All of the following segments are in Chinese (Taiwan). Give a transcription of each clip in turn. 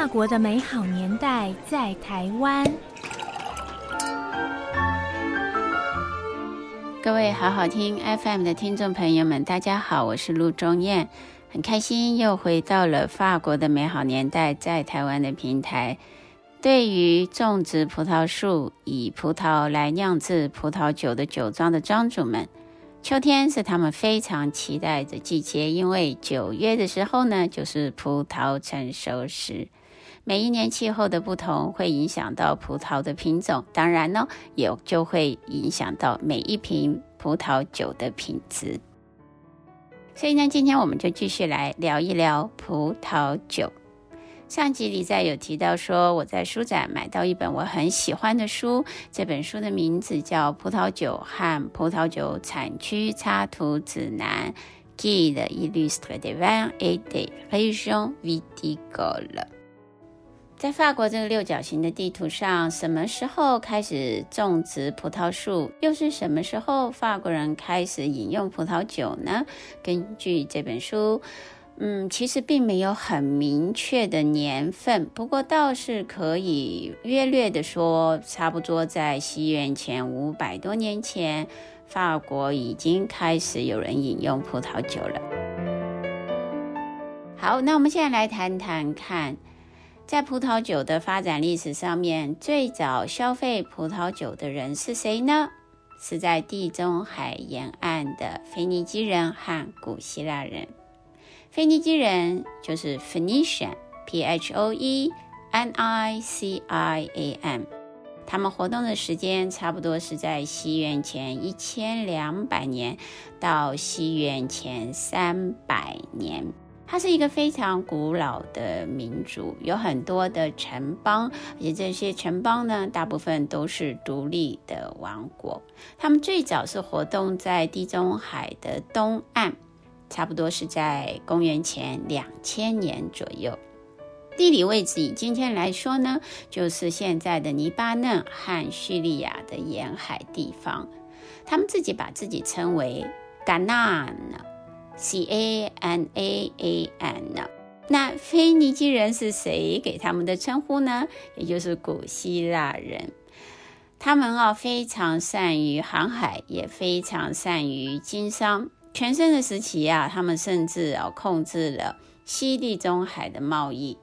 法國的美好年代在台灣。各位好好聽 FM 的聽眾朋友們，大家好，我是陸鍾艷，很開心又回到了法國的美好年代在台灣的平台。對於種植葡萄樹、以葡萄來釀制葡萄酒的酒莊的莊主們，秋天是他們非常期待的季節，因為九月的時候呢，就是葡萄成熟時。每一年氣候的不同，會影響到葡萄的品種，當然呢，也就會影響到每一瓶葡萄酒的品質。所以呢，今天我們就繼續來聊一聊葡萄酒。上集裡在有提到說，我在書展買到一本我很喜歡的書，這本書的名字叫《葡萄酒和葡萄酒產區插圖指南 g i d l l u s t r é n et e s r é g i o n v i t i o l e 在法國這個六角形的地圖上，什麼時候開始種植葡萄樹？又是什麼時候法國人開始飲用葡萄酒呢？根據這本書，嗯，其實並沒有很明確的年份，不過倒是可以約略的說，差不多在西元前五百多年前，法國已經開始有人飲用葡萄酒了。好，那我們現在來談談看。在葡萄酒的發展歷史上面，最早消費葡萄酒的人是誰呢？是在地中海沿岸的腓尼基人和古希臘人。腓尼基人就是 Phoenician，P H O E N I C I A M。他們活動的時間差不多是在西元前一千兩百年到西元前三百年。它是一個非常古老的民族，有很多的城邦，而且這些城邦呢，大部分都是獨立的王國。他們最早是活動在地中海的東岸，差不多是在公元前兩千年左右。地理位置以今天來說呢，就是現在的黎巴嫩和敘利亞的沿海地方。他們自己把自己稱為“迦南”。C A N A A N 那腓尼基人是誰給他們的稱呼呢？也就是古希臘人。他們啊非常善於航海，也非常善於經商。全盛的時期啊，他們甚至啊控制了西地中海的貿易，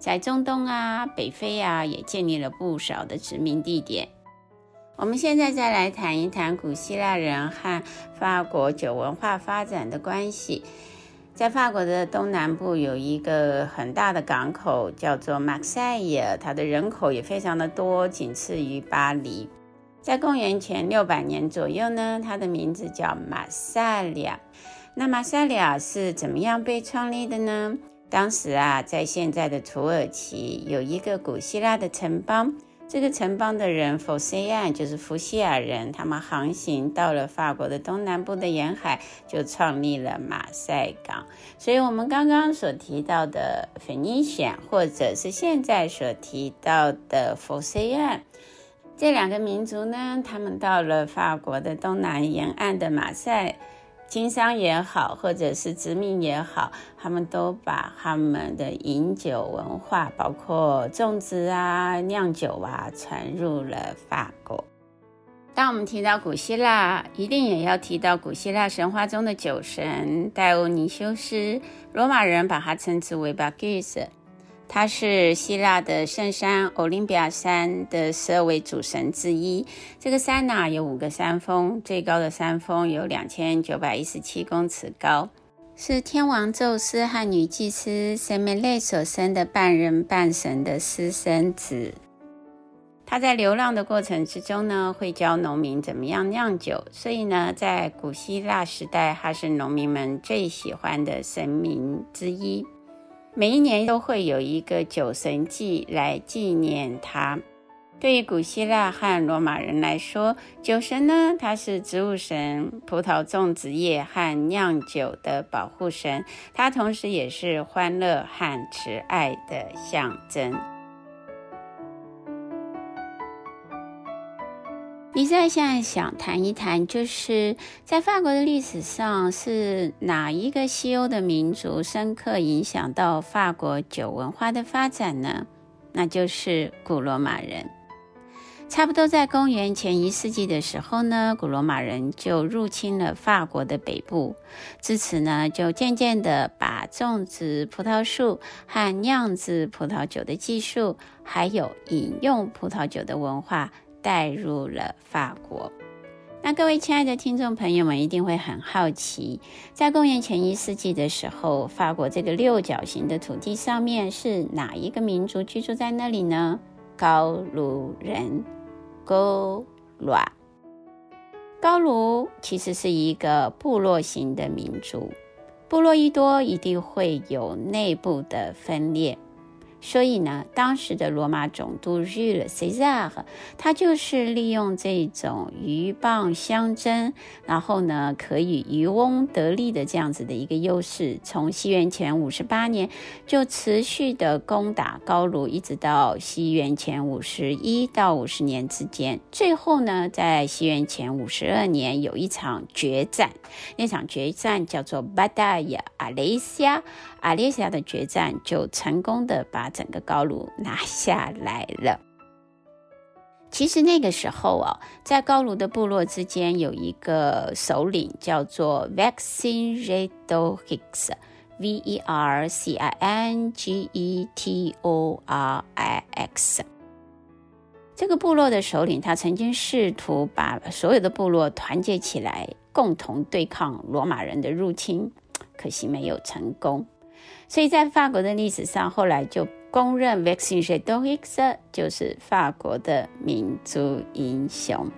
在中東啊、北非啊也建立了不少的殖民地點。我們現在再來談一談古希臘人和法國酒文化發展的關係。在法國的東南部有一個很大的港口，叫做馬賽爾，它的人口也非常的多，僅次於巴黎。在公元前六百年左右呢，它的名字叫馬薩利亞。那馬薩利亞是怎麼樣被創立的呢？當時啊，在現在的土耳其有一個古希臘的城邦。這個城邦的人，佛西安就是福西亞人，他們航行到了法國的東南部的沿海，就創立了馬賽港。所以，我們剛剛所提到的腓尼基人，或者是現在所提到的佛西安，這兩個民族呢，他們到了法國的東南沿岸的馬賽。經商也好，或者是殖民也好，他們都把他們的飲酒文化，包括種植啊、釀酒啊，傳入了法國。當我們提到古希臘，一定也要提到古希臘神話中的酒神戴歐尼修斯，羅馬人把它稱之為 Bacchus。他是希臘的聖山奧林匹亞山的十二位主神之一。這個山呢，有五個山峰，最高的山峰有兩千九百一十七公尺高，是天王宙斯和女祭司塞梅勒所生的半人半神的私生子。他在流浪的過程之中呢，會教農民怎麼樣釀酒，所以呢，在古希臘時代，他是農民們最喜歡的神明之一。每一年都會有一個酒神祭來紀念他。對於古希臘和羅馬人來說，酒神呢，他是植物神、葡萄種植業和釀酒的保護神，他同時也是歡樂和慈愛的象徵。一在現在想談一談，就是在法國的歷史上，是哪一個西歐的民族深刻影響到法國酒文化的發展呢？那就是古羅馬人。差不多在公元前一世紀的時候呢，古羅馬人就入侵了法國的北部，自此呢，就漸漸的把種植葡萄樹和釀制葡萄酒的技術，還有飲用葡萄酒的文化。帶入了法國。那各位親愛的聽眾朋友們，一定會很好奇，在公元前一世紀的時候，法國這個六角形的土地上面是哪一個民族居住在那裡呢？高盧人。高盧，高盧其實是一個部落型的民族，部落一多，一定會有內部的分裂。所以呢，當時的羅馬總督日 u l c e s a r，他就是利用這種鷸蚌相爭，然後呢，可以漁翁得利的這樣子的一個優勢，從西元前五十八年就持續的攻打高盧，一直到西元前五十一到五十年之間，最後呢，在西元前五十二年有一場決戰，那場決戰叫做巴達亞，阿雷西亞。阿列西亞的決戰就成功的把整個高盧拿下來了。其實那個時候啊，在高盧的部落之間有一個首領叫做 Vercingetorix，V-E-R-C-I-N-G-E-T-O-R-I-X。這個部落的首領他曾經試圖把所有的部落團結起來，共同對抗羅馬人的入侵，可惜沒有成功。所以在法國的歷史上，後來就公認 Vercingetorix，er, 就是法國的民族英雄。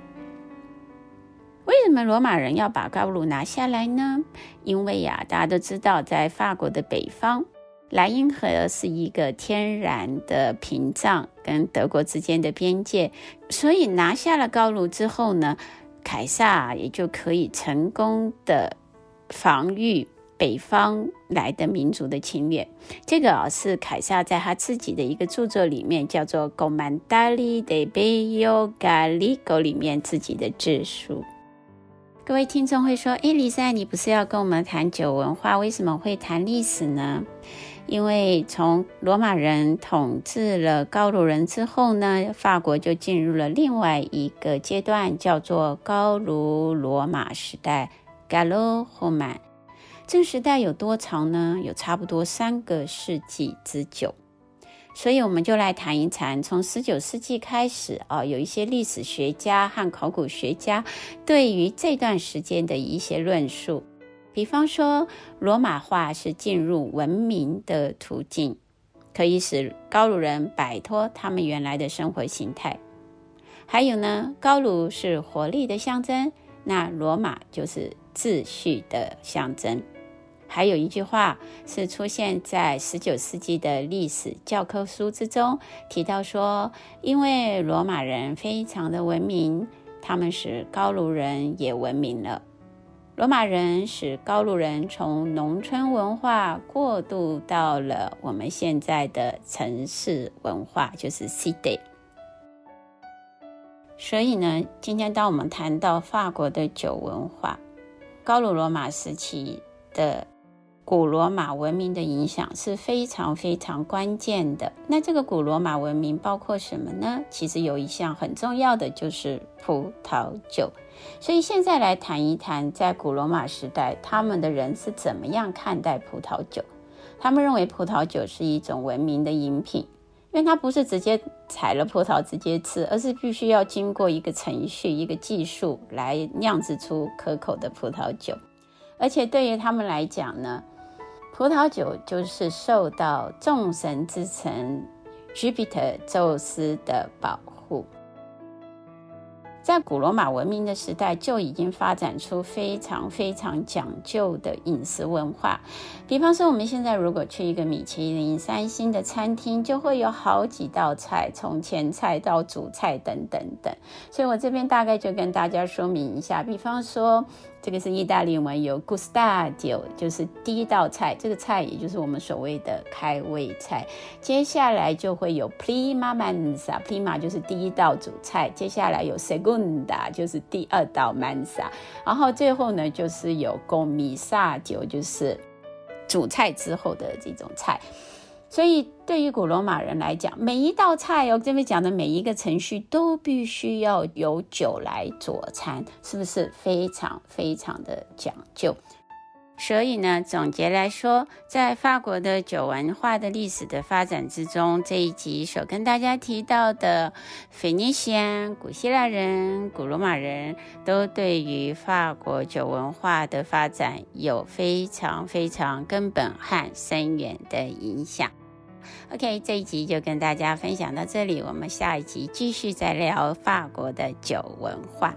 為什麼羅馬人要把高盧拿下來呢？因為呀、啊，大家都知道，在法國的北方，萊茵河是一個天然的屏障，跟德國之間的邊界。所以拿下了高盧之後呢，凱撒也就可以成功的防禦。北方來的民族的侵略。這個啊是凱撒在他自己的一個著作裡面叫做《Gomandali de b e o g a l i 裡 o 裡面自己的自述。各位聽眾會說：“哎，李賽，你不是要跟我們談酒文化，為什麼會談歷史呢？”因為從羅馬人統治了高盧人之後呢，法國就進入了另外一個階段，叫做高盧羅馬時代 g a l l o o m a n 這個時代有多長呢？有差不多三個世紀之久，所以我們就來談一談，從十九世紀開始，啊、哦，有一些歷史學家和考古學家對於這段時間的一些論述。比方說，羅馬化是進入文明的途徑，可以使高盧人擺脫他們原來的生活形態。還有呢，高盧是活力的象徵，那羅馬就是秩序的象徵。還有一句話是出現在十九世紀的歷史教科書之中，提到說，因為羅馬人非常的文明，他們使高盧人也文明了。羅馬人使高盧人從農村文化過渡到了我們現在的城市文化，就是 City。所以呢，今天當我們談到法國的酒文化，高盧羅馬時期的。古羅馬文明的影響是非常非常關鍵的。那這個古羅馬文明包括什麼呢？其實有一項很重要的就是葡萄酒。所以現在來談一談，在古羅馬時代，他們的人是怎麼樣看待葡萄酒？他們認為葡萄酒是一種文明的飲品，因為它不是直接採了葡萄直接吃，而是必須要經過一個程序、一個技術來釀製出可口的葡萄酒。而且對於他們來講呢，葡萄酒就是受到眾神之神 ——Jupiter 宙斯的保護。在古羅馬文明的時代，就已經發展出非常非常講究的飲食文化。比方說，我們現在如果去一個米其林三星的餐廳，就會有好幾道菜，從前菜到主菜等等等。所以我這邊大概就跟大家說明一下，比方說。這個是意大利文，有 gustatio 就是第一道菜，這個菜也就是我們所謂的開胃菜。接下來就會有 prima mensa，prima 就是第一道主菜，接下來有 secunda 就是第二道 mensa，然後最後呢就是有 commissatio 就就是主菜之後的這種菜。所以，對於古羅馬人來講，每一道菜，我，哦，這邊講的每一個程序都必須要有酒來佐餐，是不是非常非常的講究？所以呢，總結來說，在法國的酒文化的歷史的發展之中，這一集所跟大家提到的菲尼西安、古希臘人、古羅馬人都對於法國酒文化的發展有非常非常根本和深遠的影響。OK，這一集就跟大家分享到這裡，我們下一集繼續再聊法國的酒文化。